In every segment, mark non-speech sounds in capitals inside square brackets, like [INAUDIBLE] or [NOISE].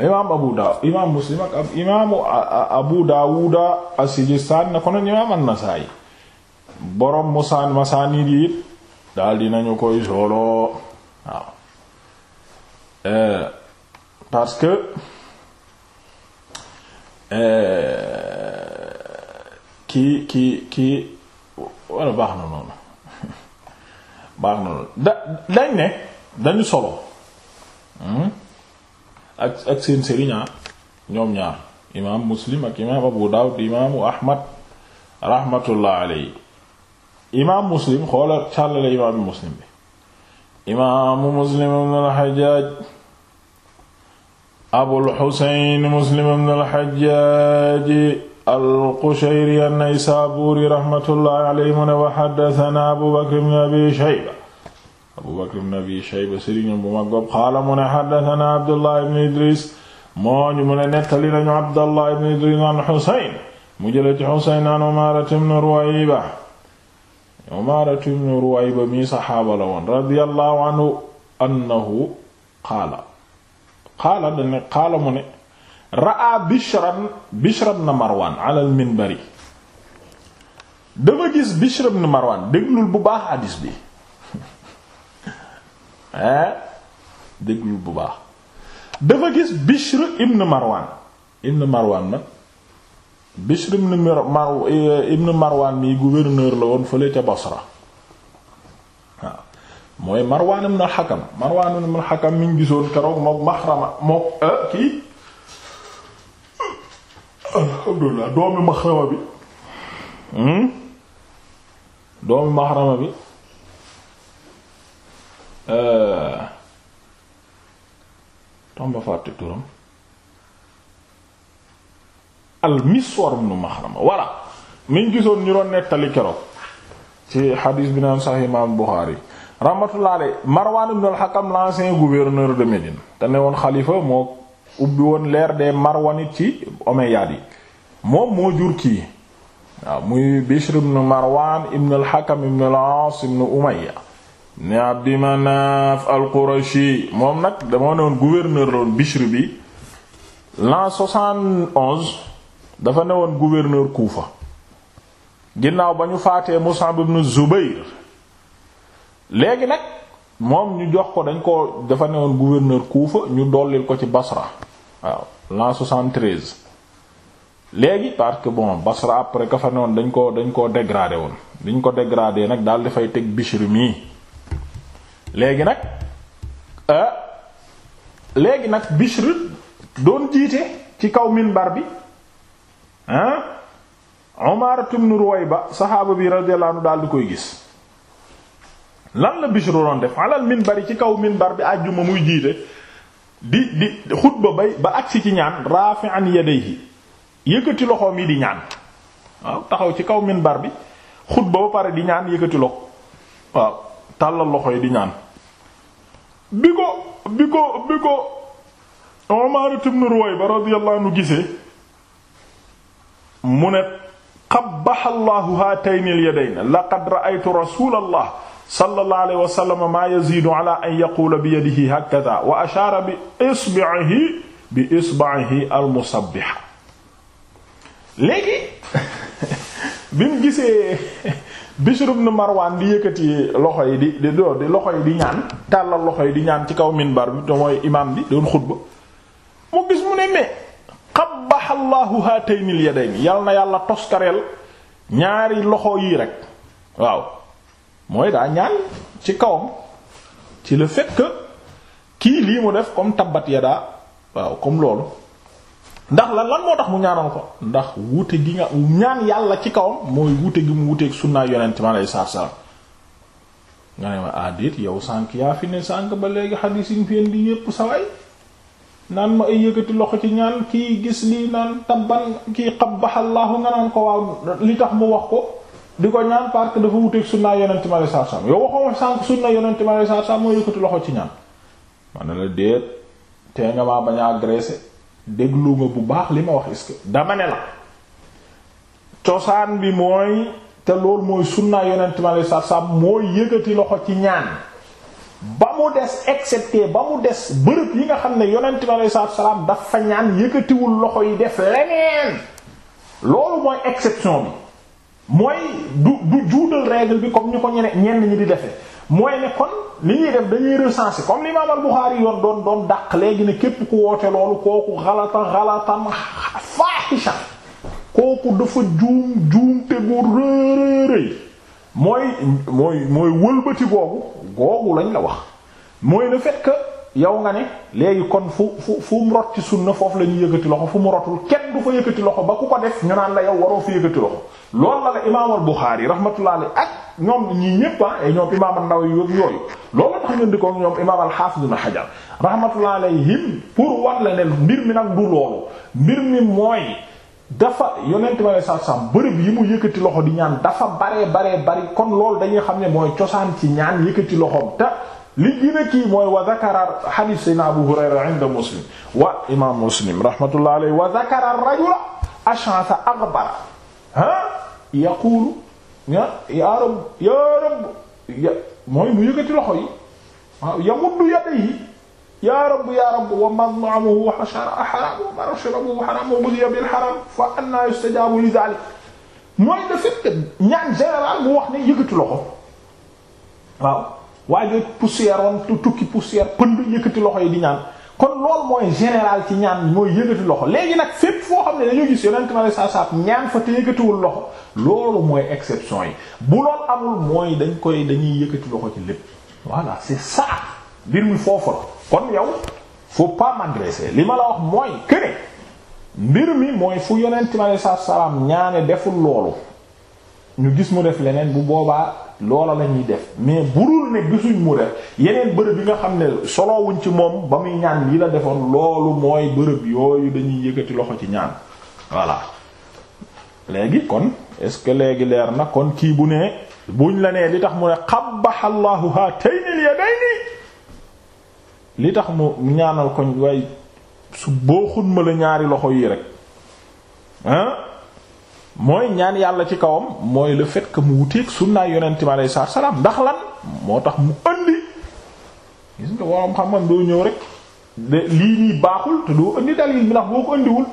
imaam abu daawud imaam muslim imaamu abu daawuda as-sijistaani na ko noonu imaam an-nasaa'i borom musaan masaanid yi it daal dinañu koy solo waaw eh, parce que eh, ki ki ki walla baax na noonu [LAUGHS] baax na noonu da dañ ne dañu solo hmm? ak ak seen sëriña ñoom ñaar imaam muslim ak imaam abu daawud imaamu ahmad rahmatullah alayhi imaam muslim xoola muslim bi imaamu muslim ibn muslim ibn al-hajjaj al-qushayri rahmatullah alayhi mu wa haddathana abu bakr ibn abi shayba abu bakr ibn abi shayba sëriñam bu mag bopp xaala mu ne xaddatana abdullah ibn idris mooñu mu ne nettali nañu abdullah ibn idris an xusayn mu jële ci xusayn an umaaratu ibn ruwayba umaaratu ibn ruwayba mi saxaaba la woon radiyallahu anhu annahu qaala qaala dane qaala mu ne raa bishran bishra ibn marwan ala al minbari dafa gis bishra ibn marwan déglul bu baax hadis bi ah bu baax dafa gis Bishr ibn Marwan ibn Marwan nag Bishr ibn Marwan eh, ibn Marwan mi gouverneur la woon fële ca Basra waaw mooy Marwan ibn al-Hakam Marwan ibn al-Hakam mi gisoon keroog mook Maxrama mook eh, kii alhamdulilah doomi Maxrama bi hmm? doomi Maxrama bi Euh, tomba fàtte turam al Miswar ibn Maxrama voilà miñ gisoon ñu doon nettali keroog ci xadiis bi naan sax imaam Buxaari rahmatullahi alayhi Marwan ibn al-Hakam l'ancien gouverneur de Médine te ne woon xalifa moo ubbi woon l'ère des Marwanides ci Omeyyades yi moom moo jur kii waaw muy Bishr ibn Marwan ibn al-Hakam ibn al-As ni Abdi Manaf al-Qurashi moom nag dama ne woon gouverneur la woon bi l'an 71 dafa ne woon gouverneur Kufa ginnaaw ba ñu faatee Mus'ab ibn Zubayr léegi nag moom ñu jox ko dañ ko dafa ne woon gouverneur Kufa ñu dollil ko ci Basra waaw l'an 73 léegi parce que bon Basra après ka fa ne woon dañ ko dañ koo dégradé woon dañ ko dégradé nag daal dafay teg Bishr mii léegi nag euh, léegi nag Bishr doon jiite ci kaw min bar bi ah Umaara ibn Ruwayba saxaaba bi radiyallahu anhu daal di koy gis lan la Bishr doon def alal minbar yi ci kaw min bar bi àjjuma muy jiite di di xutba bay ba agsi ci ñaan rafi'an yadayhi yëkkati loxoom yi di ñaan waaw taxaw ci kaw min bar bi xutba ba pare di ñaan yëkkati loxo waaw tàllal loxo yi di ñaan bi ko bi ko bi ko Umar ibn Ruwayba radiyallahu anhu gisee mu ne qabbaha Allahu haatayni al-yadayni laqad ra'aytu rasulallah sallallahu alayhi wa sallam ma yazidu ala an yaqula bi yadihi hakadha wa ashara bi isbi'ihi bi isba'ihi al-musabbiha léegi [LAUGHS] bi mu gisee Bishr ibn Marwan di yëkkati loxo yi di di di loxo yi di ñaan tàllal loxo yi di ñaan ci kaw minbar bi te mooy imaam bi doon xutba mu gis mu ne mais qabbaha Allahu hataynil yadayni yal na yàlla toskareel ñaari loxo yii rek waaw mooy daa ñaan ci kawam ci le fait kii lii mu def comme tabbat yadaa waaw comme loolu ndax lan lan moo tax mu ñaanal ko ndax wute gi nga ñaan yàlla ci kawam mooy wute gi mu wuteeg sunnaay yonent mi alayhi salaatu salaam nga ne ma ah, yow sànq yaa fi ne sànq ba léegi xadiis yi fi indi yépp ma ay yëkkati loxo ci ñaan kii gis lii naan tabban kii qabbahallahu nga naan ko waaw li tax mu wax ko di ko ñaan dafa wuteeg sunnaay yonent mi alayhi salaatu salaam yow waxoo sànq sunnaay yonent mi alayhi salaatu salaam moo loxo ci ñaan la déet tee nga maa bañ a déglu nga bu baax li ma wax est dama ne la cosaan bi mooy te loolu mooy sunnaa yonent mi alei satu salaam mooy yëgati loxo ci ñaan ba mu des excepté ba mu des bërëb yi nga xam ne yonent mi alei satu salaam dafa ñaan yëgatiwul loxo yi def leneen loolu mooy exception bi mooy du du juudal règle bi comme ñu ko ñene ñenn ñi di defee mooy ne kon li ñuy def dañuy recenser comme l'imam al-Bukhari yoon doon doon dàq léegi ne képp ku woote loolu kooku xalata xalatan faahisha kooku dafa juum juumte gu rëy rëy mooy mooy mooy wëlbati googu googu lañ la wax mooy le fait yow nga ne léegi kon fu fu fu mu rot ci sunna foofu la ñuy yëkkati loxo fu mu rotul kenn du fa yëkkati loxo ba ku ko def ñu la yow waroo fa yëkkati loxo loolu la la imaam al-Bukhari rahmatullahi ak ñoom ñii ñëpp ah ñoom imaam an-Nawawi yooyu loolu tax ñu di ko ñoom imaam al na ibn Hajar rahmatullahi alayhim pour wax la ne mbir mi nag du loolu mbir mi mooy dafa yonent ma ne satsam bërëb yi mu yëkkati loxo di ñaan dafa baree baree bari kon loolu dañuy xam ne mooy cosaan ci ñaan yëkkati loxoom te li gën a kii mooy wa zakara hadith sayna Abu Hurayra inda Muslim wa imam Muslim rahmatullahi alayhi wa zakara rajula ash'atha aghbara ha yaqulu ya ya rab ya rab ya mooy mu yëkkati loxo yi waaw yamuddu yadayhi ya rab ya rab wa mad'amuhu haram wa mashrabuhu haram wa ghudhiya bil haram fa anna yustajabu li dhalik mooy de fait ñaan général mu wax ne yëkkati loxo waaw waa waaye poussière woon tukki poussière pënd yëkkati loxo yi di ñaan kon loolu mooy général ci ñaan mooy yëkkati loxo léegi nag fépp foo xam ne dañoo gis yonent ma saa saa ñaan fa te yëkkatiwul loxo loolu mooy exception yi bu loolu amul mooy dañ koy dañuy yëkkati loxo ci lépp voilà c'est ça mbir mi foofu la kon yow foo pas m'agresser li ma la wax mooy que ne mbir mi mooy fu yonent ma saa salaam ñaane deful loolu. ñu gis mu def leneen bu boobaa loola la ñuy def mais burul ne gisuñ mu def yeneen bërëb yi nga xam ne solowuñ ci moom ba muy ñaan yi la defoon loolu mooy bërëb yooyu dañuy yëkkati loxo ci ñaan voilà léegi kon est-ce que léegi leer na kon kii bu nee buñ la nee li tax mu ne xabaxa llahu haataynil yadayni li tax mu ñaanal koñ waaye su boo xun ma la ñaari loxo yi rek mooy ñaan yàlla ci kawam mooy le fait que mu wuteeg sunnaay yonent mi alayhi salaatu salaam ndax lan moo tax mu andi gis nga waroom xam-xam doo ñëw rek de lii nii baaxul te doo andi dalil bi ndax boo ko andiwul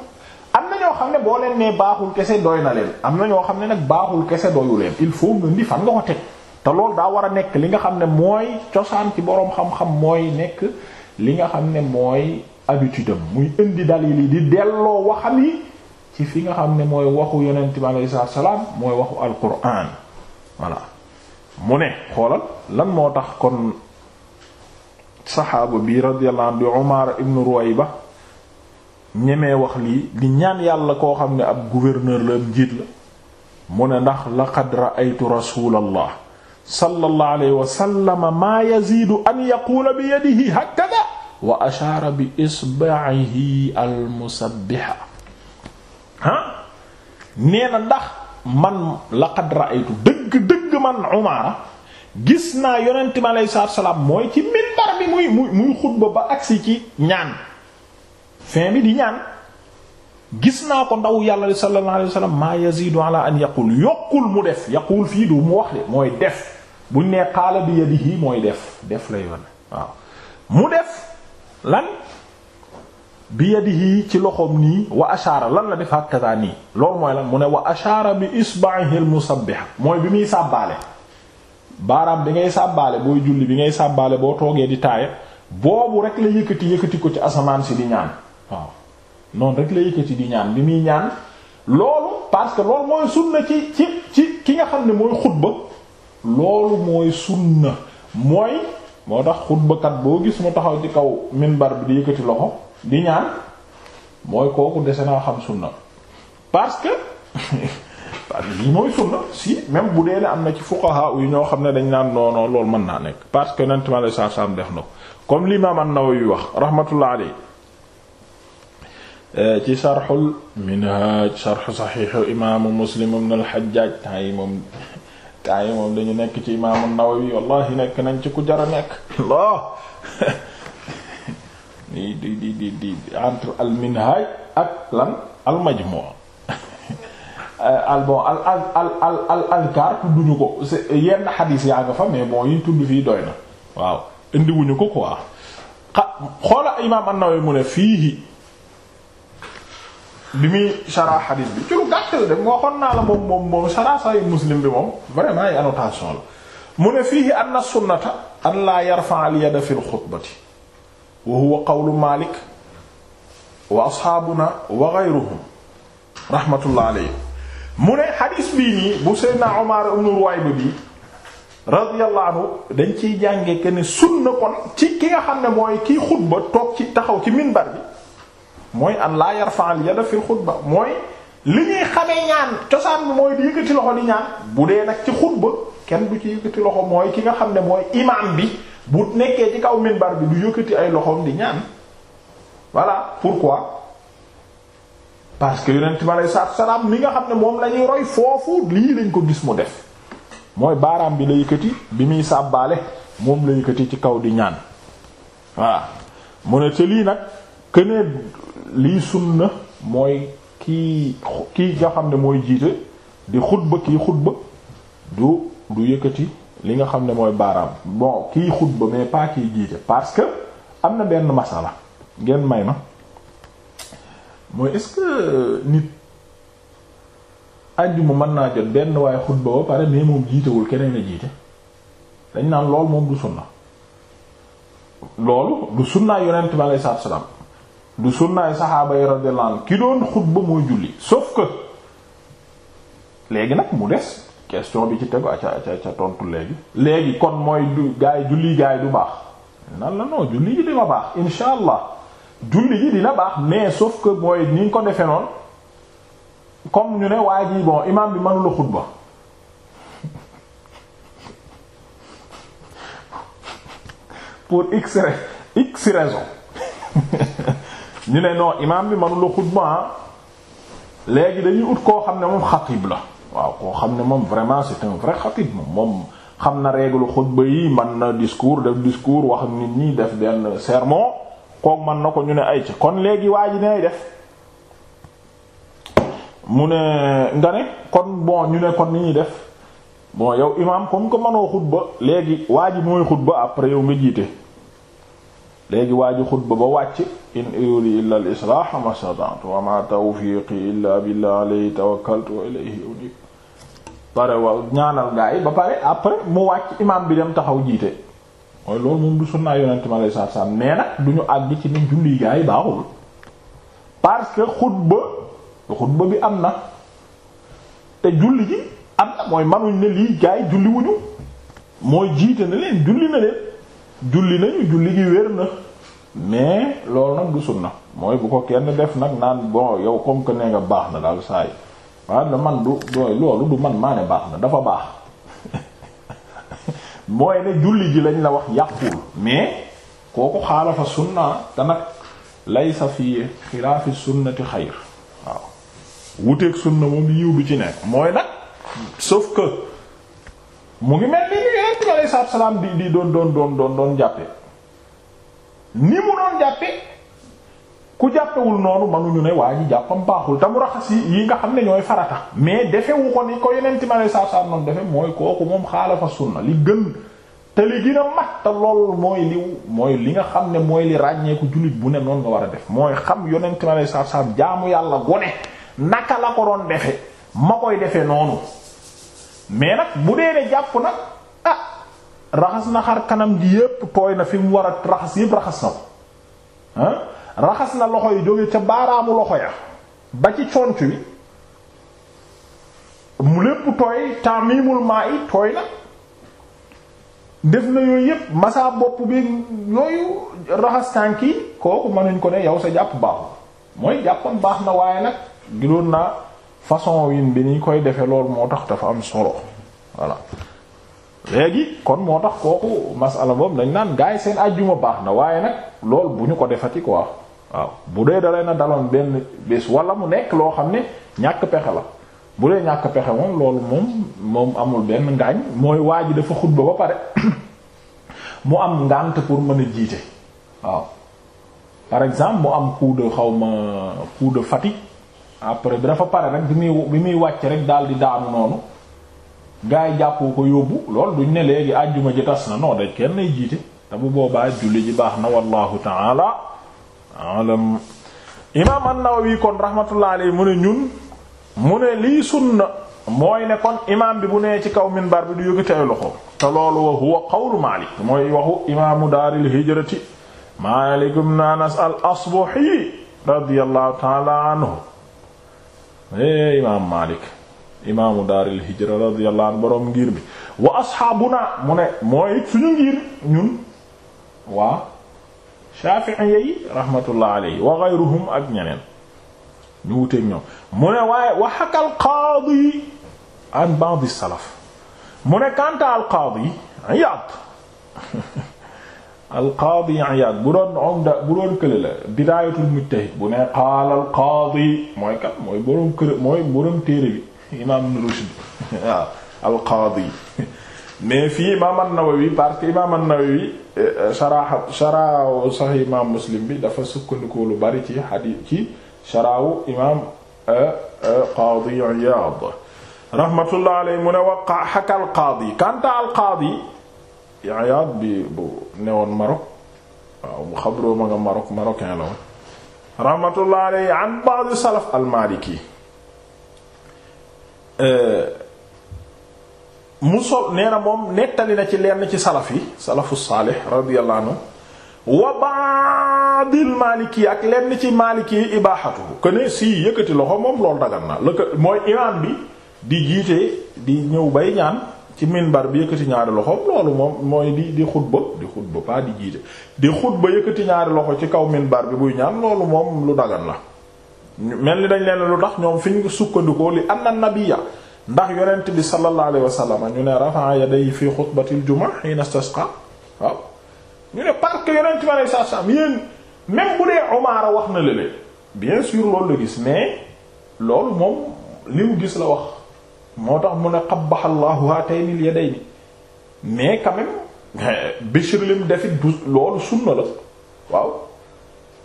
am na ñoo xam ne boo leen nee baaxul kese doy na leen am na ñoo xam ne nag baaxul kese doyu leen il faut nga indi fan nga ko teg te loolu daa war a nekk li nga xam ne mooy cosaan ci boroom xam-xam mooy nekk li nga xam ne mooy habitude muy indi dalil ci fi nga xam ne mooy waxu yonent bi alayhi salaatu salaam mooy waxu alquran voilà mu ne xoolal lan moo tax kon saxaaba bi radiyallahu anhu bi Umar ibn Ruwayba ñemee wax lii li ñaan yàlla koo xam ne ab gouverneur la am mu ne ndax laqad ra'aytu rasulallah sallallahu alayhi wa sallam maa yaziidu an yaquula bi yadihi hakada wa ashaara bi isba'ihi al ah nee na ndax man laqad ra'aytu dëgg-dëgg man Umaara gis naa yonent mi aleyhi salaam mooy ci minbar bi muy muy muy xutba ba agsi ci ñaan fin bi di ñaan gis naa ko ndaw yàlla li sallallahu alayhi wasallam maa yazidu ala an yaqul yokkul mu def yaqul fii du mu wax de mooy def buñ nee qaala bi yadihi mooy def def lay wan mu def lan bi yadihi ci loxoom nii wa ashaara lan la def hakaza nii loolu mooy lan mu ne wa ashaara bi isba'ihi al musabbiha mooy bi muy sàbbaale baaraam bi ngay sàbbaale booy julli bi ngay sàbbaale boo toogee di taaya boobu rek la yëkkati yëkkati ko ci asamaan si di ñaan waaw noonu rek la yëkkati di ñaan bi muy ñaan loolu parce que loolu mooy na ci ci ci ki nga xam ne mooy xutba loolu mooy sunna mooy moo tax xutbakat boo gis mu taxaw ci kaw minbar bi di di ñaan mooy kooku dese naa xam sunna parce que [LAUGHS] parce lii mooy sunna si même bu dee ne am na ci fuqaha yu ñoo xam ne dañ naan non lool mën naa nekk parce que Yonent mi sallallahu alayhi wasallam def na ko comme l'imam an-Nawawi wax rahmatullah alayhi euh, ci sarxul minhaj sarx saxiixu imaamu Muslim ibn al-Hajjaj yi moom temps yi moom dañu nekk ci imaamu an-Nawawi wallahi nekk nañ ci ku a nekk [LAUGHS] Allah di entre al minhaj ak lan al majmua [LAUGHS] euh, al bon al al al al al azkar tudduñu ko yenn xadiis yaa nga fa mais bon yi tudd fii doy na waaw indiwuñu ko quoi xa xoola imaam an mu ne fii bi muy sarah xadiis bi ci lu gàtt la dem waxoon naa la moom moom moom sarah sayu muslim bi moom vraiment ay annotation la mu ne fii anna sunnata an laa al yada fil xutbati wa huwa qawlu Malik wa asxaabuna wa ghayruhum rahmatullah alayhi mu ne xadiis bii nii bu Seydina Umar ibn Ruwayba bi radiyallahu anhu dañ ciy jànge que ne sunna kon ci ki nga xam ne mooy kiy xutba toog ci taxaw ci minbar bi mooy an laa yarfa al yada fil xutba mooy li ñuy xamee ñaan cosaan bi mooy di yëkkati loxo di ñaan bu dee nag ci xutba kenn bu ci yëkkati loxo mooy ki nga xam ne mooy imaam bi bu nekkee ci kaw minbar bi du yëkkati ay loxoom di ñaan voilà pourquoi parce que yonent bi alei salaatu salaam mi nga xam ne moom la roy foofu lii lañ ko gis mu def mooy baaraam bi la yëkkati bi muy sàbbaale moom la yëkkati ci kaw di ñaan voilà mu ne te lii nag kënee lii na mooy kii kii nga xam ne mooy jiite di xutba kii xutba du du yëkkati li nga xam ne mooy baaraam bo kii xutba mais pas kii parce que am na benn masala ngeen may ma mooy est-ce que euh, nit àjjuma mën naa jot benn waaye xutba ba pare mais moom jiitewul keneen a jiite dañ naan lool moom du sunna loolu du sunnaa yonent bi alayhi salaatu salaam du sunnaay saxaaba yi radiyallahu anhu ki doon xutba mooy julli sauf que léegi nag mu des question bi ci tegu aca aca aca tontu léegi léegi kon mooy du gaay julli gaay du baax nan la non julli ji dina baax insha allah julli ji dina baax mais sauf que mooy ni ko defe noonu comme ñu ne waa ji bon imaam bi mënula xutba [LAUGHS] pour x x raison [LAUGHS] ñu ne non bi mënula xutba ah. léegi dañuy ut koo xam ne moom xatib la waaw koo xam ne moom vraiment c'est un moom xam na règle xutba yi man na discours def discours wax nit ñi def benn sermon kook man na ko ñu ne ay ci kon léegi waa ji def mu ne nga ne kon bon ñu ne kon ni ñuy def bon yow imaam comme que mënoo xutba léegi waa ji mooy xutba après yow nga jiite léegi waa ji xutba ba wàcc in uri illa al islah ma sada'tu wa ma tawfiqi illa billah alayhi tawakkaltu wa ilayhi unib pare waaw ñaanal gaa yi ba pare après mu wàcc imaam bi dem taxaw jiite mooy loolu moom du sunnaa yonent mi alayhi salaatu salaam mais nag du ñu àgg ci ni julli gaa yi baaxul parce que xutba xutba bi am na te julli ji am na mooy manuñ ne lii gaa yi julli wuñu mooy jiite na leen julli na leen julli nañu julli gi wér na mais loolu nag du na mooy bu ko kenn def nag naan bon yow comme que nee nga baax na daal saa yi waaw na man du dooy loolu du man maa baax na dafa baax [LAUGHS] mooy ne julli ji lañ la wax yàqul mais kooku xaalafa sunna te nag laysa fi xilaafi sunnati xayr waaw wuteeg sunna moom yiw bi ci nekk mooy nag sauf que mu ngi mel ni yonent bi alayhi salaam di di doon doon doon doon doon jàppe ni mu doon jàppe ku jàppewul noonu mënuñu ne waa ji jàppam baaxul te mu raxas yi yi nga xam ne ñooy farata mais defewu ko ni ko yenenti ma ne saab-saab noonu defe mooy kooku moom xaalafa sunna li gën li gën a mat te lool mooy mooy li nga xam ne mooy ràññeeku jullit bu ne noonu war a def mooy xam yonenti ma ne saab-saab jaamu yàlla gone naka la ko doon defe ma koy defe noonu mais nag bu dee ne jàpp nag ah raxas na xar kanam gi yépp tooy na fi mu war a raxas yépp raxas na ko raxas na loxo yi jóge ca baaraamu loxo ya ba ci conc wi mu lépp tooy tamimul maa yi tooy na def na yooyu yépp masaa bopp bi yooyu raxas tànk yi kooku mënuñ ko ne yow sa jàpp baaxul mooy jàppam baax na waaye nag giloon naa façon win bi ni koy defee loolu moo tax dafa am solo voilà léegi kon moo tax kooku masala boobu dañ naan gars yi seen àjjuma baax na waaye nag lool bu ñu ko defati quoi waaw bu dee dalee na daloon benn bés wala mu nekk loo xam ne ñàkk pexe la bu dee ñàkk pexe moom loolu moom moom amul benn ngaañ mooy waa ji dafa xutba ba pare [COUGHS] mu am ngànt pour mën a jiite waaw par exemple mu am coup de xaw ma coup de fatigue après bi dafa pare rek bi muy bi muy wàcc rek daal di daanu noonu gaa yi jàppoo ko yóbbu lool duñ ne léegi àjjuma ji tas na non de kenn nay jiite te bu boobaa julli ji baax na wallahu taala alam imaam an-Nawawi kon rahmatullah alayhi mu ne ñun mu ne lii sunna mooy ne kon imaam bi bu nee ci kaw minbar bi du yëkkati ay loxo te loolu wa huwa qawlu Maalik mooy waxu imaamu daaril hijrati Maalik Anas al-Asbahi radiyallahu taala anhu eh imaam Maalik imaamu daaril hijra radiyallahu anhu boroom ngir bi wa asxaabuna mu ne mooy suñu ngir ñun waa shafi'iyya yi rahmatullah alayhi wa ghayruhum ak ñeneen ñu wuteeg ñoom mu ne waaye wa haka al qaadi an ba'd salaf mu ne kanta al qaadi Iyaad [LAUGHS] al qaadi Iyaad bu doon omda bu doon kële la bidaayatul mujtahid bu ne qaala al qaadi mooy kat mooy boroom kër mooy boroom téere bi imaam Ibn Rushd [LAUGHS] waaw al-Qaadi mais fii imaam an-Nawawi parce que imaam an-Nawawi sharah eh, sharah Sahih imaam Muslim bi dafa sukkandiku lu bari ci hadith ci sharahu imaam eh, eh, Qaadi Iyaad rahmatullah alayhi mu ne wa haka al-Qaadi kanta al-Qaadi Iyaad bi bu newoon Maroc waaw bu xabroo ma nga Maroc marocain la woon rahmatullah alayhi an ba'd salaf al-Maliki Euh, mu sol nee na moom nettali na ci lenn ci salaf yi salafu saalih radiyallahu anhu wa maaliki ak lenn ci maaliki yi ibaaxatu ko ne yëkkati loxo moom loolu dagan na la mooy imaam bi di jiite di ñëw bay ñaan ci minbar bi yëkkati ñaari loxo loolu moom mooy di di xutba di xutba pas di jiite di xutba yëkkati ñaari loxo ci kaw minbar bi buy ñaan loolu moom lu dagan la mel ni dañ leen lu tax ñoom fi ñu sukkandikoo li anna nabiyya ndax yonent bi sallallahu alayhi wa sallam ñu ne rafa'a yadayhi fi xutbatil jumaa hina istasqa waaw ñu ne parce que yonent bi sallallahu alayhi wa sallam yéen même bu dee Umaara wax na lële bien sûr loolu la gis mais lool moom li mu gis la wax moo tax mu ne qabbaha Allahu haataynil yadayni mais quand même [LAUGHS] Bishr lim defit du loolu sunna la waaw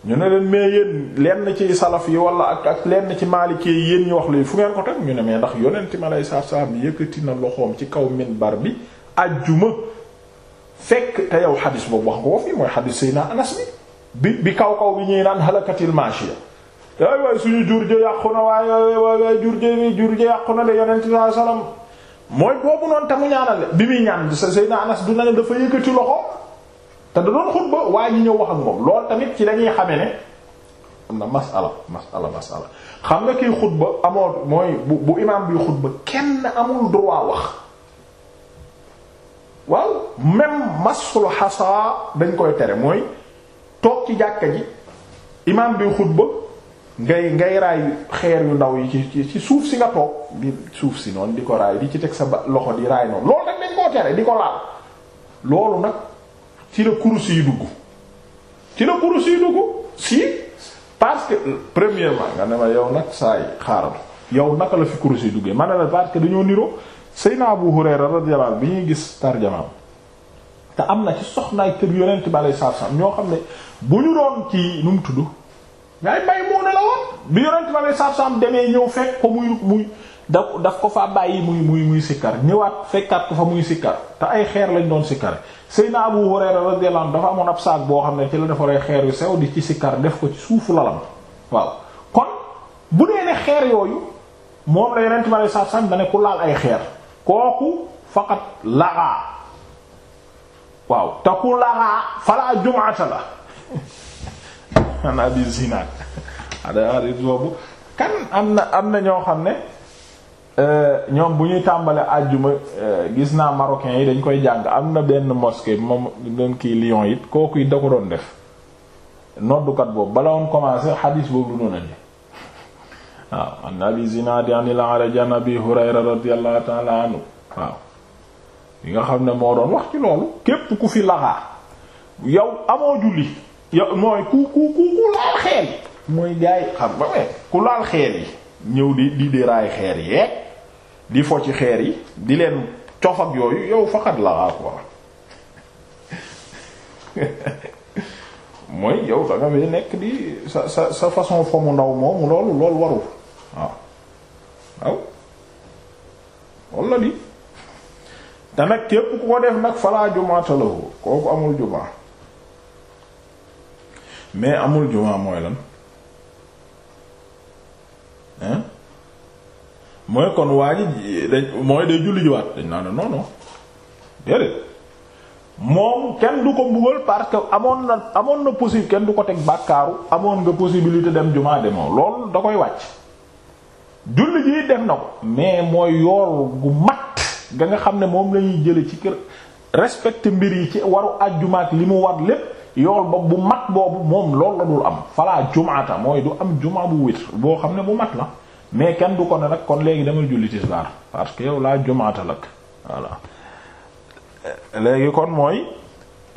ñu ne leen mais yéen lenn ci salaf yi wala ak ak lenn ci maalikee yi yéen ñu wax lii fu ngeen ko teg ñu ne mais ndax yonent ma lay saaf saaf bi yëkkati na loxoom ci kaw minbar bi ajjuma fekk te yaw xadis boobu wax nga ko fii mooy xadis Seydina Anas bi bi bi kaw kaw bi ñuy naan halakatil maashiya ay waay suñu jur ju yàqu na waaye waay waay jur ji jur yàqu na de yonent sallallahu alayhi wasallam mooy boobu noonu te mu ñaanal bi muy ñaan Seydina Anas du na ne dafa yëkkati loxo. te da doon xutba waaye ñu ñëw wax ak moom lool tamit ci lañuy xame ne am na masala masala masala xam nga kiy xutba amoo mooy bu bu imaam bi xutba kenn amul droit wax waaw même masul xasaa dañ koy tere mooy toog ci jàkka ji imaam bi xutba ngay ngay raay xeer yu ndaw yi ci ci suuf si nga toog di suuf si noonu di ko raay di ci teg sa loxo di raay noonu loolu nag dañ koo tere di ko laal loolu nag ci la kurus yi dugg ci la kurus yi dugg si parce que premièrement nga ne yow nag saa yi xaaral yow naka la fi kurus yi duggee ma ne la parce que dañoo niro Seydina Abu Hurayra radiyallahu anhu bi ñuy gis tarjamaam am na ci kër yonent bi ñoo xam ne bu ñu doon ci nu mu tudd ngay bay moo ne la woon bi yonent bi alayhi salaam demee ñëw fekk ko muy muy daf daf ko fa bàyyi muy muy muy sikkar ñëwaat fekkaat ko fa muy sikkar te ay xeer lañ doon si sikkar Seyna Abu Hurayra radiyallahu anhu dafa amoon ab saak boo xam ne ci la defaree xeer yu sew di ci sikkar def ko ci suufu lalam waaw kon bu dee ne xeer yooyu moom la yeneen tubaab yi sax sax ku laal ay xeer kooku faqat laxaa waaw te ku laxaa falaa jumaata la [LAUGHS] an kan am na ñoo xam ne. Euh, ñoom bu ñuy tàmbale àjjuma euh, gis naa marocains yi dañ koy jàng am na benn mosquée moom doon kii lion yit kooku it da ko doon def noddukat boobu bala woon commencé xadiis boobu lu noonu la [LAUGHS] waaw an abi zinaadi anil araj an hurayra radiyallahu ta'ala anhu waaw yi nga xam ne moo doon wax ci loolu képp ku fi laxaa yow amoo julli yow mooy ku ku ku ku laal xeel mooy gaay xam nga ku laal xeel yi ñëw di di xeer yeeg di fo ci xeer yi di leen cof ak yooyu yow faxat la quoi [LAUGHS] mooy yow da nga nekk di sa sa sa façon fo mu ndaw moomu loolu loolu warul waaw waaw loolu te nag képp ku ko def nag falaa jumaata lahu kooku amul jumaa mais amul jumaa mooy lan hein mooy kon waa ji dañ mooy day julli jiwaat dañ naa ne non non déedéet moom kenn du ko mbugal parce que amoon na amoon na possible kenn du ko teg bàkkaaru amoon nga possibilité dem jumaa demoo loolu da koy wàcc julli ji def na ko mais mooy yool gu mat ga nga xam ne moom lañuy jële ci kër respecte mbir yi ci waru àjjumaak li mu war lépp yool ba bu mat boobu moom loolu la dul am falaa jumaata mooy du am jumaa bu witr boo xam ne bu mat la mais kenn du ko ne nag kon léegi dama julli tisbaar parce que yow laa jumaatalak voilà léegi kon mooy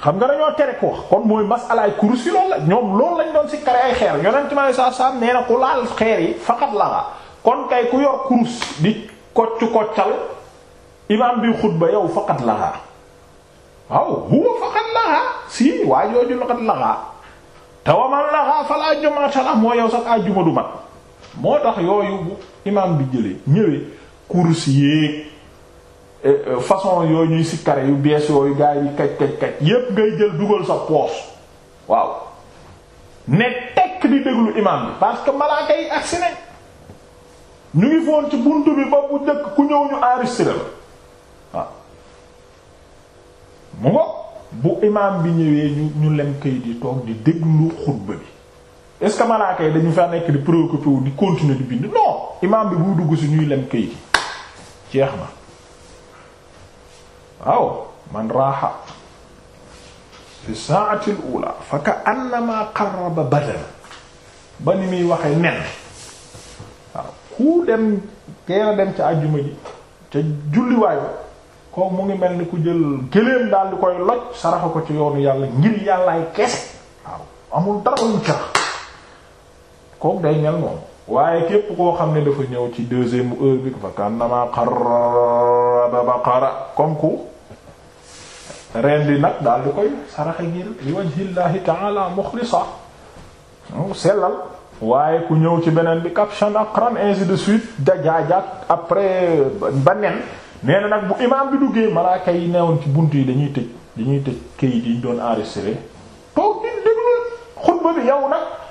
xam nga dañoo tere ko wax kon mooy masalaay kurus yi loolu la ñoom loolu lañ doon si kare ay xeer yonent ma saa saa nee na ku laal xeer yi faqat la nga kon kay ku yor kurus di koccu koccal imaam bi xutba yow faqat la waaw huwa faqat la nga waa jooju laqat la te waman la nga fa laa jumaatala moo yow sax ajjuma du mat moo tax yooyu bu imaam bi jëlee ñëwee course yéeg eh, eh, façon yooyu ñuy sikkare yu bees yooyu gaa yi kaj kaj kaj yépp ngay jël dugal sa poche waaw ne tekk di déglu imaam bi parce que malaaka yi agsi nañ ñu ngi foon ci buntu bi ba bu ku ñëw ñu enregistré la waaw mu ngo bu imaam bi ñëwee ñu ñu lem kayit yi toog di déglu xutba bi est-ce yi dañu fa nekk di préoccupé wu di continuer di bind non imaam bi buy dugg si ñuy lem kayit yi jeex na waaw man raaxa fi saati ula fa ka annama qarraba badan ba ni muy waxee nen waaw ku dem teel a dem ca àjjuma ji ca julliwaayu kooku mu ngi mel ni ku jël gëléem daal di koy loj saraxa ko ci yoonu yàlla ngir yàllaay kese waaw amul dara lu ca kook day mel moom waaye képp koo xam ne dafa ñëw ci deuxième heure bi fa kannama ba baqara comme ku rendi nag daal di koy saraxe ngir li wajhillahi ta'ala mukhlisa oh, sellal waaye ku ñëw ci beneen bi caption akran ainsi de suite dajaajaak après ba nen nee nag bu imaam bi duggee malaaka yi neewoon ci bunt yi dañuy tëj dañuy tëj kayit yi ñu doon enregistré toog di déglu xutba bi yow nag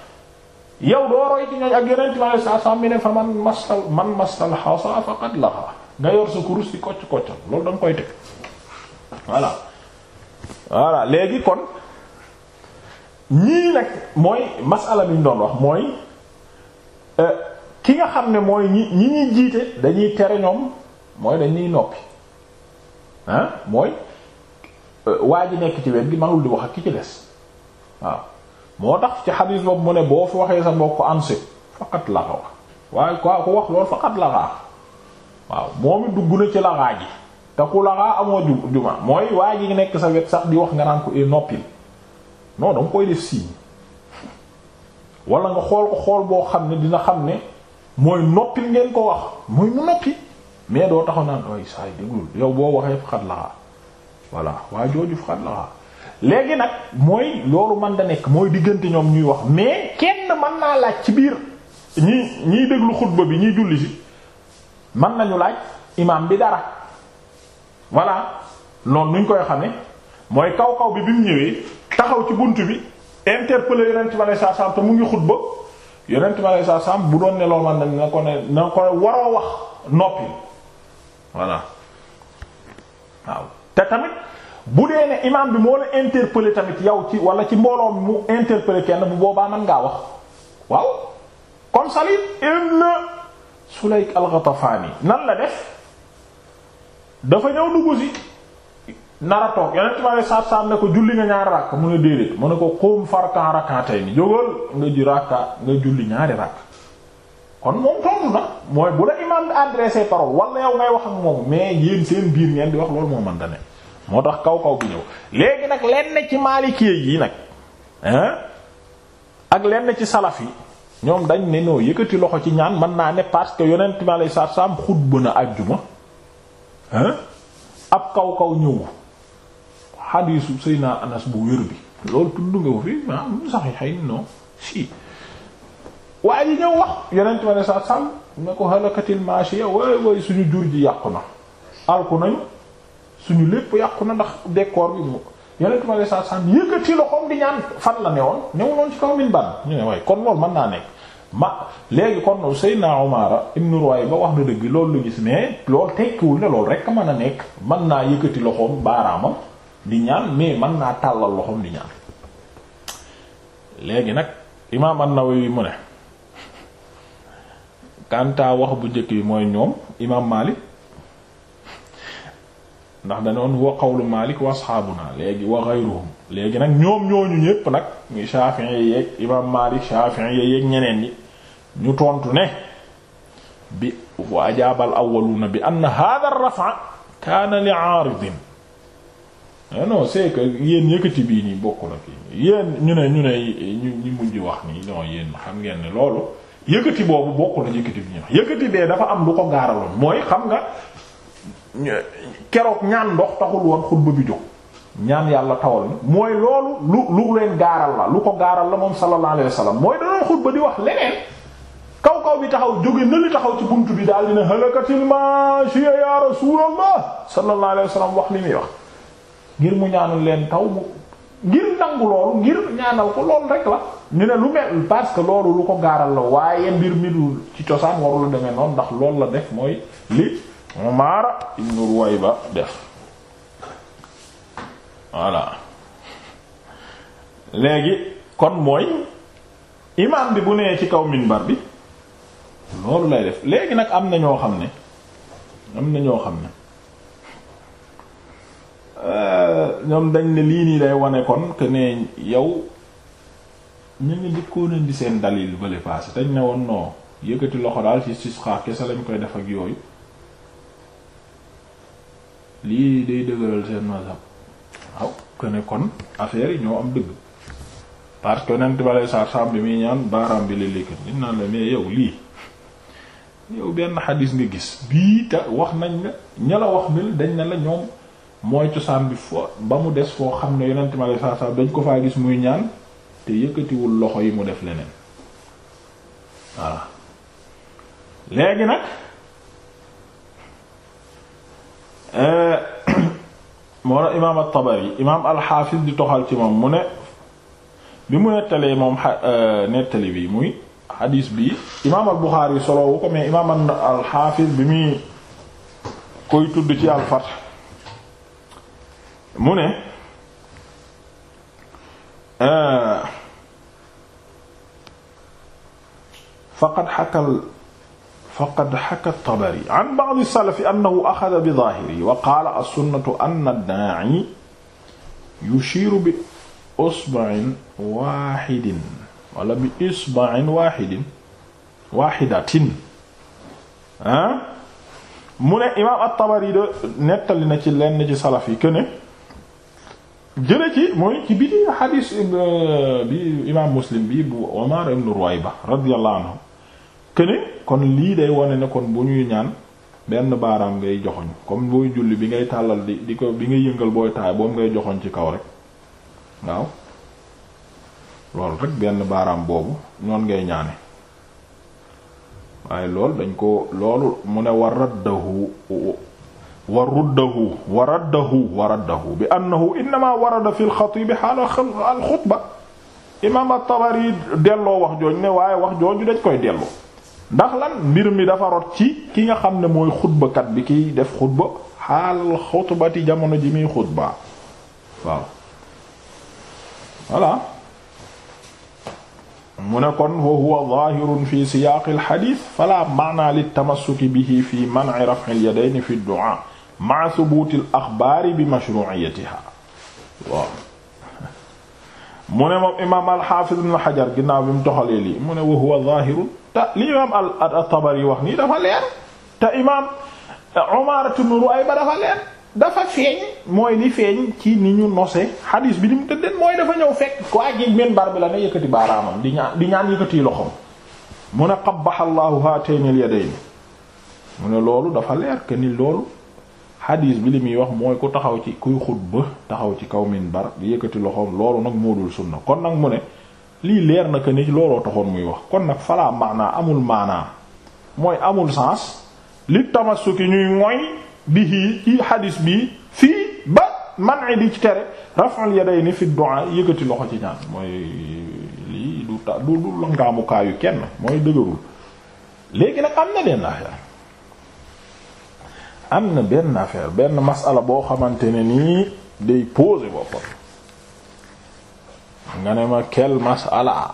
yow doo roy ci ñooñ ak yeneen ci wàllu saa mi ne fa man masal man masal xasa faqad laxa nga yor sa kurus ci kocc koccal loolu da koy teg voilà. voilà ñii nag mooy masala wax mooy euh, ki nga xam ne mooy ñi ñi jiite dañuy tere ñoom mooy dañuy noppi mooy euh, waa ji nekk ci wet gi manul di wax ak ki ci des waaw. moo tax ci xadiis boobu mu ne boo fi waxee sa mbokk ansit faqat laxa wax waaye ko ko wax loolu faqat laxaa waaw moom it dugg na ci laxaa ji te ku laxaa amoo juma mooy waa ji nekk sa wet sax di wax nga naan ko noppil non danga koy def signe wala nga xool ko xool boo xam ne dina xam ne mooy noppil ngeen ko wax mooy mu noppi mais doo taxaw naan ay saay déglul yow boo waxee faqat laxaa voilà waa jooju faqat laxaa léegi nag mooy loolu man da nekk mooy diggante ñoom ñuy wax mais kenn man naa laaj ci biir ñi ñiy déglu xutba bi ñiy julli si mën nañu laaj imaam bi dara voilà noonu nuñ koy xame mooy kaw kaw bi bi mu ñëwee taxaw ci bunt bi interpeller yonent bi alayhi salaam te mu ngi xutba yonent bi alayhi salaam bu doon ne loolu man na ko ne na ko waroo wax noppi voilà waaw te tamit bu dee ne imaam bi moo la interpellé tamit yow ci wala ci mbooloo mu interpellé kenn bu boobaa mën ngaa wax waaw kon Salim ibn Sulayk al-Ghatafani nan la def dafa ñëw dugg si nara toog yonent ma ne saab-saab ne ko julli nga ñaari rakk mu ne déedéet mu ne ko xóom farkan rakkatay ni jógal nga ji nga julli ñaari rakk kon moom tontu na mooy bu la imaam bi adressé parole na yow ngay wax ak moom mais yéen seen biir ngeen di wax loolu moo mën da ne moo tax kaw kaw bi ñëw léegi nag lenn ci maalikee yi nag hein ak lenn ci salaf yi ñoom dañ ne noo yëkkati loxo ci ñaan mën naa ne parce que yonent mi lay salaatu salaam xutba na àjjuma hein ab kaw kaw ñëw xadiisu Seydina Anas bu wér bi loolu tudd nga ko ah, sax xëy na non si waaye li ñëw wax yonent mi alayhi salaatu salaam ne ko halakatil maashiya waay waay suñu jur ji yàqu na alku nañu suñu lépp yàqu na ndax décor bi mu yonent bi alayhi yëkkati loxoom di ñaan fan la newoon newu noon ci kaw minbar ñu ne waaye kon loolu mën naa nekk ma léegi kon Seydina Umaara ibn Ruwayba wax na dëgg loolu lu gis mais loolu tekkiwul ne loolu rek mën a nekk mën naa yëkkati loxoom baaraamam di ñaan mais mën naa tàllal loxoom di ñaan léegi nag imaam An-Nawawi mu ne [LAUGHS] kanta wax bu njëkk yi mooy ñoom imaam Maalik ndax danoon wa qawlu Malik wa asxaabuna léegi wa ghayruhum léegi nag ñoom ñooñu ñépp nag ñu Shafi'i yeeg imam Malik Shafi'i yeeg ñeneen ñi ñu tontu ne bi wa ajaabal awwaluuna bi anna hadha ar-raf'a kaana li 'aaridin eh non c'est que yéen yëkkati bii nii bokku la kii yéen ñu ne ñu ne ñu ñu mujj wax nii non yéen xam ngeen ne loolu yëkkati boobu bokku la yëkkati bi ñuy yëkkati bee dafa am lu ko gaaraloon mooy xam nga keroog ñaan ndox taxul woon xutba bi jóg ñaan yàlla tawal mooy loolu lu lu leen gaaral la lu ko gaaral la moom sallallahu alayhi wasallam mooy danoon xutba di wax leneen kaw kaw bi taxaw jóge na li taxaw ci buntu bi daal dina halakatil mashiya ya rasulullah sallallahu alayhi wasallam wax li muy wax ngir mu ñaanul leen taw bu ngir nangu loolu ngir ñaanal ko loolu rek la ñu ne lu mel parce que loolu lu ko gaaral la waaye mbir mi du ci cosaan warula demee noonu ndax loolu la def mooy Umaara ibnu ba def voilà léegi kon mooy imaam bi bu nee ci kaw minbar bi loolu lay def léegi nag am na ñoo xam ne am na ñoo xam ne euh, ñoom dañ ne lii nii day wane kon que ne yow ñu ngi njëkkoon indi seen dalil bële paase dañ ne woon noo yëkkati loxo daal ci sisxaa kese lañ koy def ak yooyu. lii day dëgëral seen mazhab waaw que ne yi ñoo am dëgg parce que nent balay saar bi muy ñaan baaraam bi la léekat nit naan la mais yow lii yow benn xadis nga gis bii te wax nañ nga ña la wax ni dañ ne la ñoom mooy cosaan bi fo ba mu des foo xam ne yonent ma lay saar dañ ko faa gis muy ñaan te yëkkatiwul loxo yi mu def leneen voilà léegi nag Eh, [CLEARS THROAT] moo na imaam at-Tabari imaam al-Hafiz di toxal ci moom mu ne bi mu nettalee moom eh, nettali bi muy xadiis bi imaam al-Buxaari soloowu ko mais imaam al-Hafiz bi muy koy tudd ci al-Fath mu ne eh, faqad xakal faqad xaka Tabari an ba'di salafi annahu axada bi zaahirihi wa qaala as-sunnatu anna ad-daa'i yushiiru bi usba'in waahidin wala bi isba'in waahidin waahidatin ah mu ne imaam at-Tabari de nettali na ci lenn ci salaf yi que ne jële ci mooy ci biti xadiis euh, bi imaam Muslim bi bu Umar ibn Ruwayba radiyallahu anhu këne kon lii day wane ne kon bu ñuy ñaan benn baaraam ngay joxoñ comme booy julli bi ngay tàllal di di ko bi ngay yëngal booy taay boobu ngay joxoñ ci kaw rek waaw loolu rek benn baaraam boobu noon ngay ñaane waaye loolu dañ ko loolu mu ne wa raddahu wa ruddahu wa raddahu bi annahu innama warada fi lxatibi xaala alxutba imam at-Tabari delloo wax jooj ne waaye wax jooju dañ koy delloo ndax lan mbir mi dafa rot ci ki nga xam ne mooy xutbakat bi kiy def xutba xaal xutbati jamono ji muy xutba waaw voilà mu ne kon wa huwa zaahirun fi siyaaqi alxadis fala maana liltamasuki bihi fi man'i raf'i alyadayni fi du'a ma'a thubuuti alaxbaari bi mashru'iyatiha waaw mu ne moom imaam alxaafiz ibn xajar ginnaaw bi mu toxalee lii mu ne wa huwa te li imaam at-Tabari wax nii dafa leer te imaam Umaaratu ibn Ru'ayba dafa leer dafa feeñ mooy li feeñ ci ni ñu nose xadiis bi ni mu tëddeen mooy dafa ñëw fekk ko ak ajeeg minbar bi la ne yëkkati baaraamam di ñaan di ñaan yëkkati loxoom mu ne qabbaha Allahu haatayni al-yadayni mu ne loolu dafa leer que ni loolu xadiis bi li muy wax mooy ku taxaw ci kuy ba taxaw ci kaw bar di yëkkati loxoom loolu nag moo dul sunna kon nag mu ne lii leer na que ni looloo taxoon muy wax kon nag falaa maanaa amul maanaa mooy amul sens li tamassuki ñuy moy bihi ci hadis bi fii ba man di ci tere raf'al yadayni fi du'a yëkkati loxo ci ñaan mooy lii du ta du du langaamukaayu kenn mooy dëgërul léegi nag am na benn affaire am na benn affaire benn masala boo xamante ne nii day poser nga ne ma quelle masala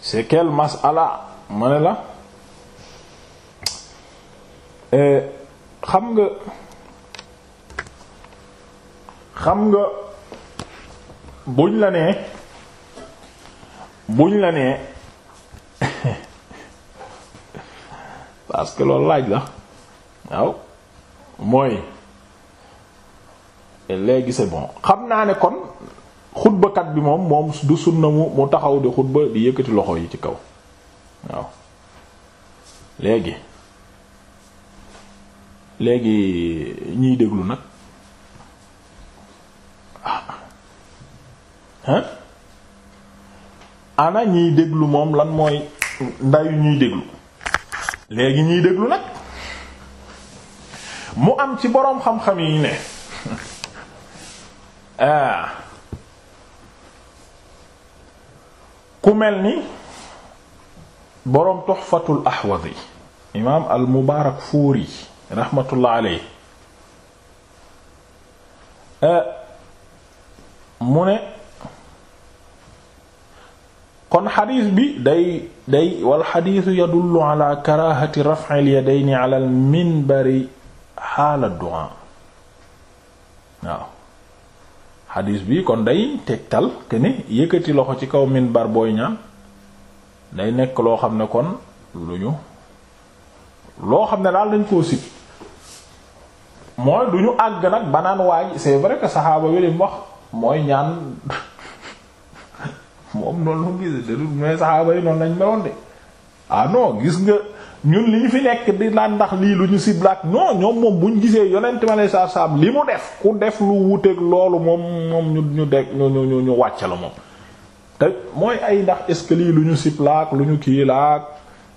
c'est quelle masala ma ne la eh, xam nga xam nga buñ la nee buñ la nee [LAUGHS] parce loolu laaj la waaw mooy léegi c'est bon xam naa ne kon xutbakat bi moom moom du sunna mu mu taxaw di xutba di yëkkati loxo yi ci kaw waaw léegi léegi ñiy déglu nag ah ana ñiy déglu moom lan mooy ndayu ñuy déglu léegi ñiy déglu nag mu am ci boroom xam-xam yi ne [LAUGHS] ah. ku mel ni boroom Tuhfatul Ahwadi imaam al Mubaarak Fuuri rahmatullah aleyhi eh, mu ne kon xadiis bi day day wal xadiisu yadullu ala karaahati raf'il yadayni ala al minbari xaala du'aa waaw xadiis bi kon day tegtal que ni yëkkati loxo ci kaw min bar booy ñaan day nekk loo xam ne kon lu ñu loo xam ne daal dañ koo sib mooy du ñu àgg nag banaan waaj c'est vrai que saxaaba wi lim wax mooy ñaan [LAUGHS] moom noonu lu gis de mais saxaaba yi noonu lañ meloon de ah gis nga ñun li ñu fi nekk di naan ndax lii lu ñu siblaak ñoo ñoom moom bu ñu gisee yonent ma lay saa saam li mu def ku def lu wuteeg loolu moom moom ñu ñu deg ñu ñu ñu wàcc la moom te mooy ay ndax est lu ñu siblaak lu ñu kii laak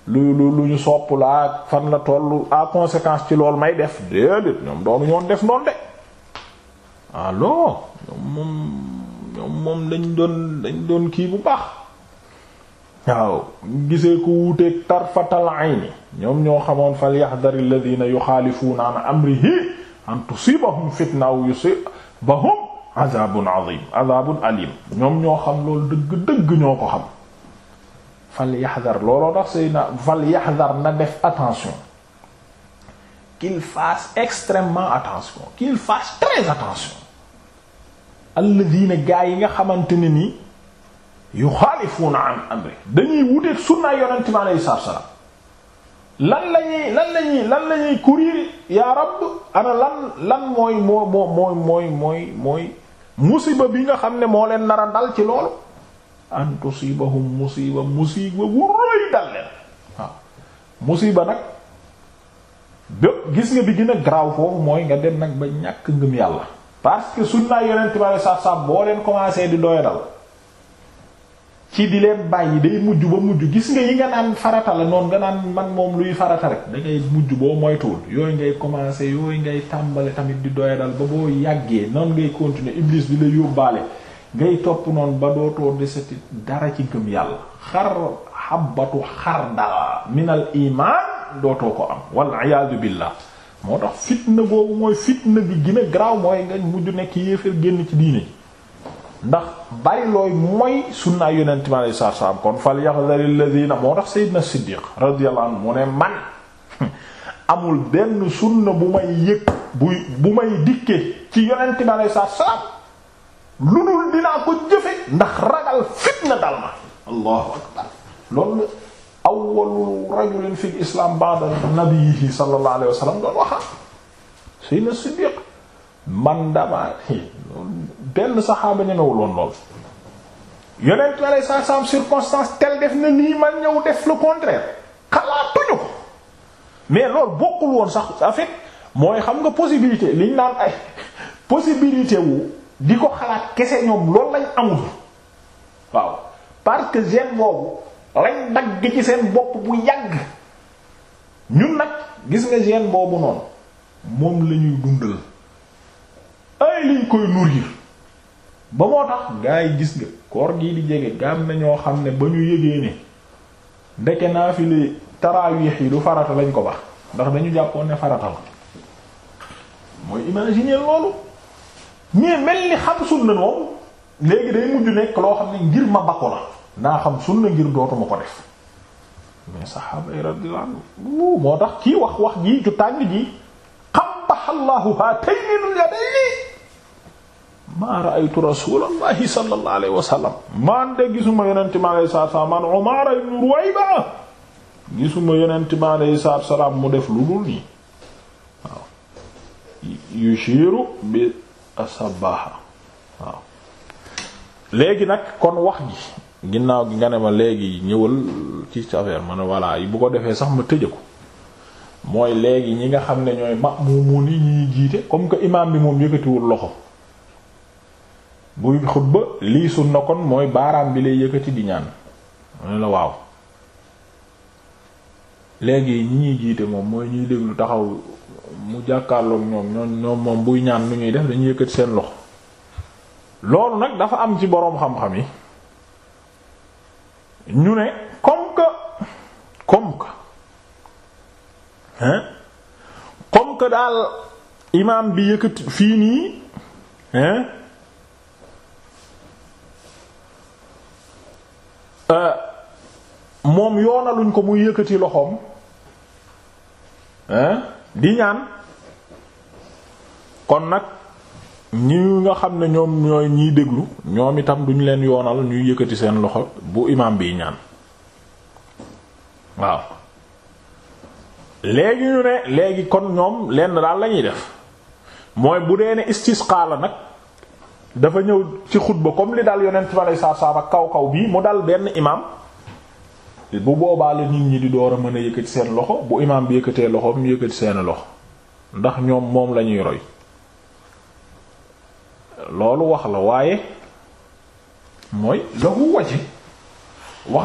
lu lu lu ñu sopp laak fan la toll à conséquence ci loolu may def déedéet ñoom doonu ñoon def noonu de alors ah ñoom moom ñoom moom dañ doon dañ doon kii bu baax waaw gisee ku wuuteeg tarfatal ayni ñoom ñoo xamoon fal yahdari yu yuxaalifuuna an amrihi an tusibahum fitna aw yusibahum azabun azim azabun alim ñoom ñoo xam loolu dëgg-dëgg ñoo ko xam fal yahdar looloo tax say na fal yahdar na def attention qu'il fasse extrêmement attention qu'il fasse gaa yi nga xamante ne ni xaalifuuna an amri dañuy wuteeg sunnaay yonent mi aleyhi salaatu lan la lan la ñuy lan la ñuy courir yaa rabb nga xam ne moo leen nar dal ci loolu an tusibahum musiba musiba bu rëy dal nag gis nga bi gën a foofu mooy nga dem nag ba ñàkk ngëm yàlla parce que sunnaay yonent bi aleyhi boo leen commencé di doya dal ci di leen bàyyi day mujj ba mujj gis nga yi nga naan farata la noonu nga naan man moom luy farata rek dangay ngay mujj boo moytuwul yooyu ngay commencer yooyu ngay tàmbale tamit di doyadal ba boo yàggee noonu ngay continuer iblis di la yóbbaale ngay topp noonu ba dootoo desati dara ci gëm yàlla xar xabbatu xardal minal iman dootoo ko am wal iyaadu billah moo tax fitna boobu mooy fitna bi gën a garaaw mooy nga mujj nekk yéefar génn ci diine ndax bari looy mooy sunna yonent mi alayhi salaatu salaam kon fal yaxdari moo tax Seydina Siddiq radiyallahu anhu mu ne man [LAUGHS] amul benn sunna bu may yëg buy bu may dikkee ci yonent mi alayhi salaam lu dul dinaa ko jëfe ndax ragal fitna dal ma allahu akbar loolu awwalu rajulin fi islam ba'da nabiyhi sallallahu alayhi wa sallam doon waxa Seydina Siddiq man dama [LAUGHS] benn saxaaba ñemewu loon lool yonent bi aleyhi salaatu salaam circonstance tel def na nii man ñëw def le contraire xalaatuñu ko mais loolu bokkul woon sax en fait mooy xam nga possibilité liñ naan ay [LAUGHS] possibilité wu di ko xalaat kese ñoom loolu lañ amul waaw parce que gene boobu lañ dagg ci seen bopp bu yàgg ñun nag gis nga gene boobu noonu moom la ñuy dundal ay liñ koy nourrir ba moo tax gaa yi gis nga koor gii di jege gam na ñoo xam ne ba ñu yégee ne ndeke naafile taraawiix yi du farata lañ ko bax ndax dañu jàppoon ne farata la mooy imaginer loolu mais mel ni xam sunna moom léegi day mujj nekk loo xam ne ngir ma bako la naa xam sunna ngir dootuma ko def mais saxaaba yi radiyallahu moo tax kii wax wax ji ju tàng ji qabbahallahu haatayni al yadayni ma ra'aytu rasulallahi sallallahu alayhi wa sallam man de gisuma yonente mi alayhi salaatu salaam man Umaara ibn mu def lu dul nii waaw yushiru bi asabaha waaw léegi nag kon wax ji ginnaaw gi nga ne ma léegi ñëwal ci affaire ma ne yi bu ko defee sax ma tëje ko mooy léegi ñi nga xam ne ñooy ma'mumun yi ñuy jiite comme que imaam bi moom yëkkatiwul loxo buy xutba lii sunna kon mooy baaraam bi lay yëkkati di ñaan mu waaw léegi ñi ñuy jiite moom mooy ñuy déglu taxaw mu jàkkaarloog ñoom ñoom moom buy ñaan lu ñuy def dañu yëkkati seen loxo loolu nag dafa am ci boroom xam-xam yi ñu ne comme komk comme que hein comme daal imaam bi yëkkati fii nii hein moom yoonaluñ ko muy yëkkati loxoom di ñaan kon nag ñi nga xam ne ñoom ñooy ñiy déglu ñoom itam duñ leen yoonal ñuy yëkkati seen loxo bu imaam bi ñaan waaw léegi ñu ne léegi kon ñoom lenn daal lañuy def mooy bu dee ne istisqa la nag dafa ñëw ci xutba comme li dal yonent ma lay saab saab ak kaw kaw bii mu dal benn imaam bu boobaale la nit ñi di door a mën a yëkkati seen loxo bu imaam bi yëkkatee loxo mu yëkkati seen loxo ndax ñoom moom lañuy roy loolu wax la waaye mooy lahu wax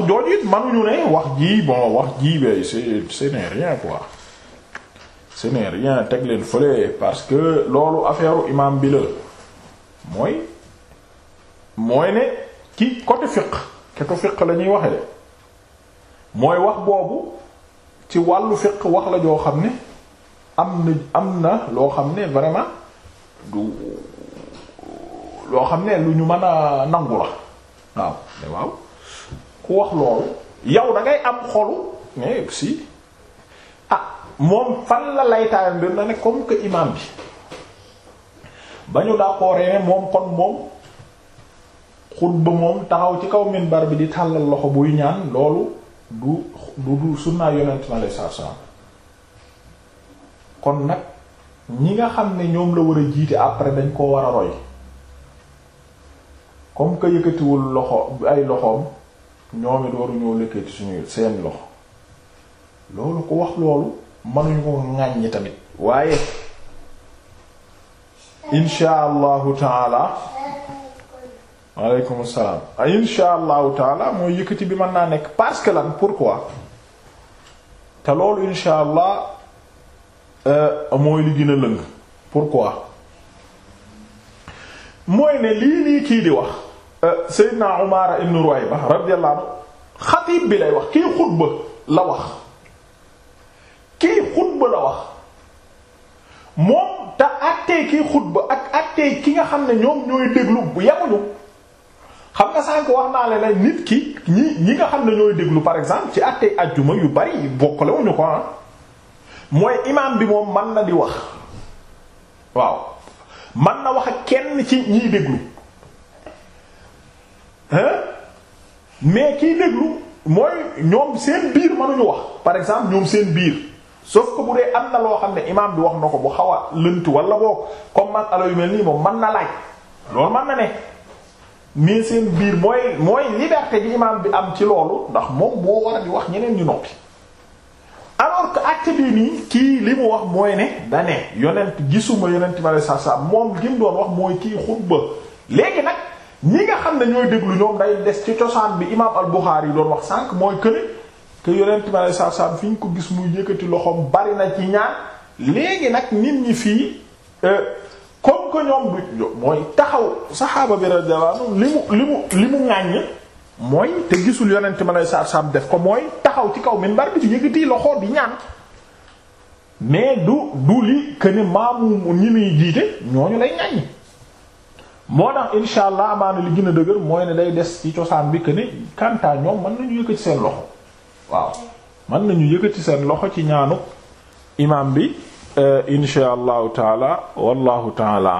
jooju it manuñu ne wax ji bon wax ji rien quoi teg leen fële parce que loolu affaire imaam bi la mooy mooy ne ki côté fiq ketu fiq la ñuy waxe de mooy wax boobu ci wàllu fiq wax la joo xam ne am na am na loo xam ne vraiment du loo xam ne lu ñu mën a nangu la waaw mais waaw ku wax loolu yow dangay am xolu mais si ah moom fan la laytaayam bi na ne comme que imam bi bañu ñu d'accord ne moom kon moom ba moom taxaw ci kaw minbar bi di tàllal loxo buy ñaan loolu du du du sunnaa yonent na lay saar saar kon nag ñi nga xam ne ñoom la war a jiite après dañ koo war a roy comme que yëkkatiwul loxo ay loxoom ñoom it waru ñoo lëkkati suñu seen loxo loolu ko wax loolu mënuñu ko ŋàññi tamit waaye insha allahu taala waaleykum salaam ah, insha allahu taala mooy yëkkati bi mën naa nekk parce que lan pourquoi te loolu insha allah euh, mooy li gën a lëng pourquoi mooy ne lii nii kii di wax euh, Seydina Umaara ibn Ruwayba radiyallahu anhu xatiib bi lay wax kii xutba la wax kii xutba la wax moom te àttee kiy xutba ak àttee ki nga xam ne ñoom ñooy déglu bu yemuñu xam nga sànq wax naa leen ne nit ki ñi ñi nga xam ne ñooy déglu par exemple ci àttee ajjuma yu bari bokk la wuñu ko ah mooy imaam bi moom man na di wax waaw man na wax ak kenn ci ñiy déglu hein mais kiy déglu mooy ñoom seen biir mënuñu wax par exemple ñoom seen biir. sauf ko bu dee am na loo xam ne imaam bi wax na ko bu xaw a lënt wala boog comme masala yu mel nii moom man na laaj loolu man na ne mais seen biir mooy mooy liberté bi imaam bi am ci loolu ndax moom boo war a di wax ñeneen ñu noppi alors que acte bii nii kii li mu wax mooy ne dane yonent gisuma yonent ma la sa sa moom gi doon wax mooy kii xutba léegi nag ñi nga xam ne ñooy déglu ñoom day des ci cosaan bi imaam al Buxaari yi doon wax sànq mooy këne te yonent ma lay saabsaab fi ñu ko gis muy yëkkati loxoom bari na ci ñaan léegi nag nit ñi fii euh, comme que ñoom du mooy taxaw saxaaba bi radiyallahu anhu li mu li mu li mu ŋàññ mooy te gisul yonent ma lay saabsaab def ko mooy taxaw ci kaw minbar bi di yëkkati loxo di ñaan mais du du li que ne maamu ñi muy jiite ñooñu lay ŋàññ moo tax insha allah li gën dëgër mooy ne day des ci cosaan bi que ne kantaa ñoom mën nañu yëkkati seen loxo. waaw mën nañu yëkkati seen loxo ci ñaanu imaam bi euh, insha allahu taala wallahu taala